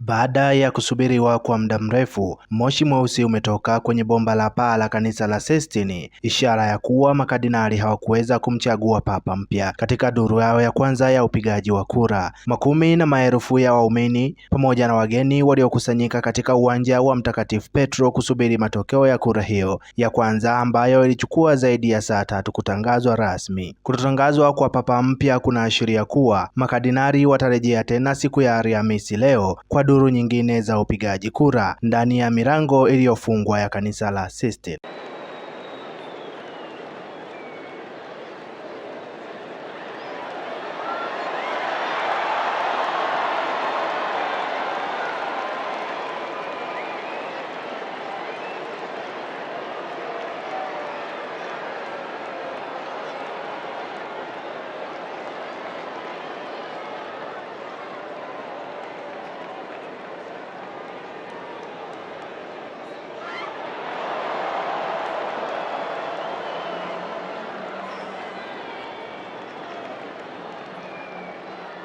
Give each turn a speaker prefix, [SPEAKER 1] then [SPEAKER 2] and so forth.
[SPEAKER 1] Baada ya kusubiriwa kwa muda mrefu, moshi mweusi umetoka kwenye bomba la paa la kanisa la Sistine, ishara ya kuwa makadinari hawakuweza kumchagua papa mpya. Katika duru yao ya kwanza ya upigaji wa kura, makumi na maelfu ya waumini pamoja na wageni waliokusanyika katika uwanja wa Mtakatifu Petro kusubiri matokeo ya kura hiyo ya kwanza ambayo ilichukua zaidi ya saa tatu kutangazwa rasmi. Kutotangazwa kwa papa mpya kunaashiria kuwa makadinari watarejea tena siku ya Alhamisi leo kwa duru nyingine za upigaji kura ndani ya milango iliyofungwa ya kanisa la Sistine.